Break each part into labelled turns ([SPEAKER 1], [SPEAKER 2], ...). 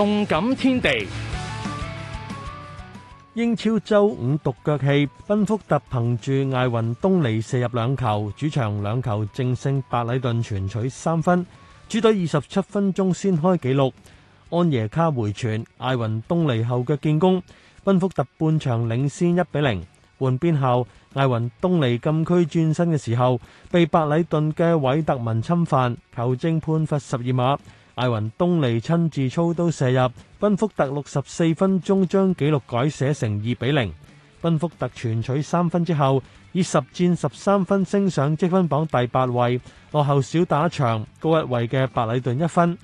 [SPEAKER 1] 動感天地，英超周五獨腳戲，賓福特憑住艾雲東尼射入兩球，主場兩球淨勝白禮頓，全取三分。主隊二十七分鐘先開紀錄，安耶卡回傳，艾雲東尼後腳建功，賓福特半場領先一比零。換邊後，艾雲東尼禁區轉身嘅時候，被白禮頓嘅韋特文侵犯，球證判罰十二碼。艾雲東尼親自操刀射入，賓福特六十四分鐘將紀錄改寫成二比零。賓福特全取三分之後，以十戰十三分升上積分榜第八位，落後少打場高一位嘅白禮頓一分。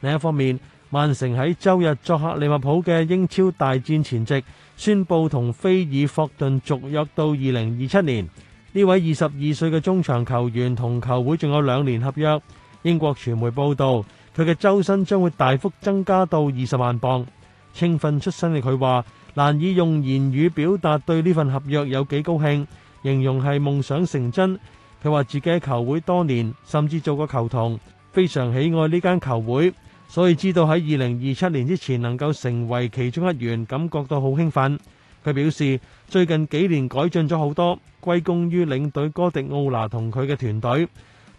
[SPEAKER 1] 另一方面，曼城喺周日作客利物浦嘅英超大戰前夕，宣布同菲爾霍頓續約到二零二七年。呢位二十二歲嘅中場球員同球會仲有兩年合約。英國傳媒報導，佢嘅周薪將會大幅增加到二十萬鎊。青訓出身嘅佢話，難以用言語表達對呢份合約有幾高興，形容係夢想成真。佢話自己喺球會多年，甚至做過球童，非常喜愛呢間球會，所以知道喺二零二七年之前能夠成為其中一員，感覺到好興奮。佢表示，最近幾年改進咗好多，歸功於領隊哥迪奧拿同佢嘅團隊。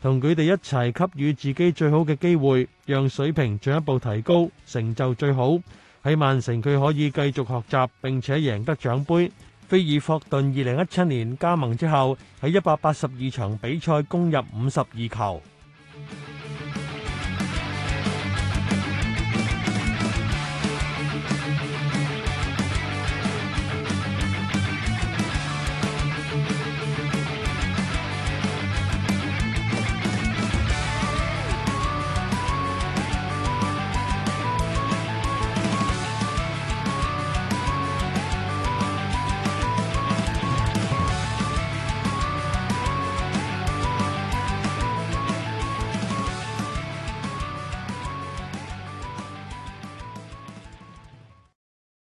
[SPEAKER 1] 同佢哋一齊給予自己最好嘅機會，讓水平進一步提高，成就最好。喺曼城佢可以繼續學習並且贏得獎盃。菲爾霍頓二零一七年加盟之後，喺一百八十二場比賽攻入五十二球。